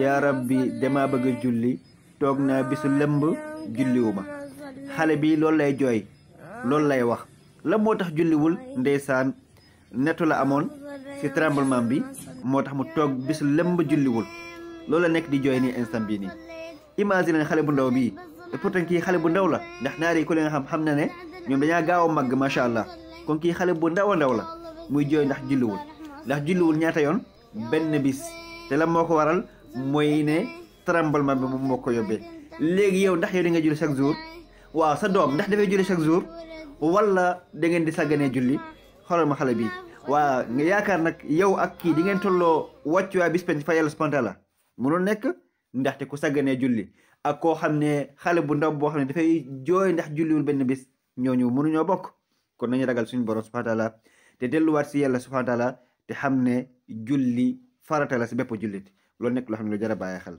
yaa rabbi dama bëgg a julli toog naa bisu lëmb julliwuma xale bi loolu lay jooy loolu lay wax la moo tax julliwul ndeysaan nettu la amoon si tremblement bi moo tax mu toog bisu lëmb julliwul loolu la nekk di jooy nii instant bii nii imagine leen xale bu ndaw bii te pourtant kii xale bu ndaw la ndax naar yi ku leen xam xam na ne ñoom dañaa gaaw a màgg macha allah kon kii xale bu ndaw a ndaw la muy jooy ndax julliwul ndax julliwul ñaata yoon benn bis te la moo ko waral mooy ne tremblement bi moom moo ko yóbbee léegi yow ndax yow di nga julli chaque jour waaw sa doom ndax dafay julli chaque jour wala da ngeen di sàgganee julli xoolal ma xale bi waaw nga yaakaar nag yow ak kii di ngeen tolloo wàccuwaay bis penc fa yàlla subhanahu wa taala mënul nekk ndaxte ku sàgganee julli ak koo xam ne xale bu ndaw boo xam ne dafay jooy ndax julliwul benn bis ñooñu mënuñoo bokk kon nañu ragal suñu borom subhanahu wa taala te delluwaat si yàlla subhanahu wa taala xam ne julli farata la si bépp jullit loolu nekk loo xam ne a bàyyi xel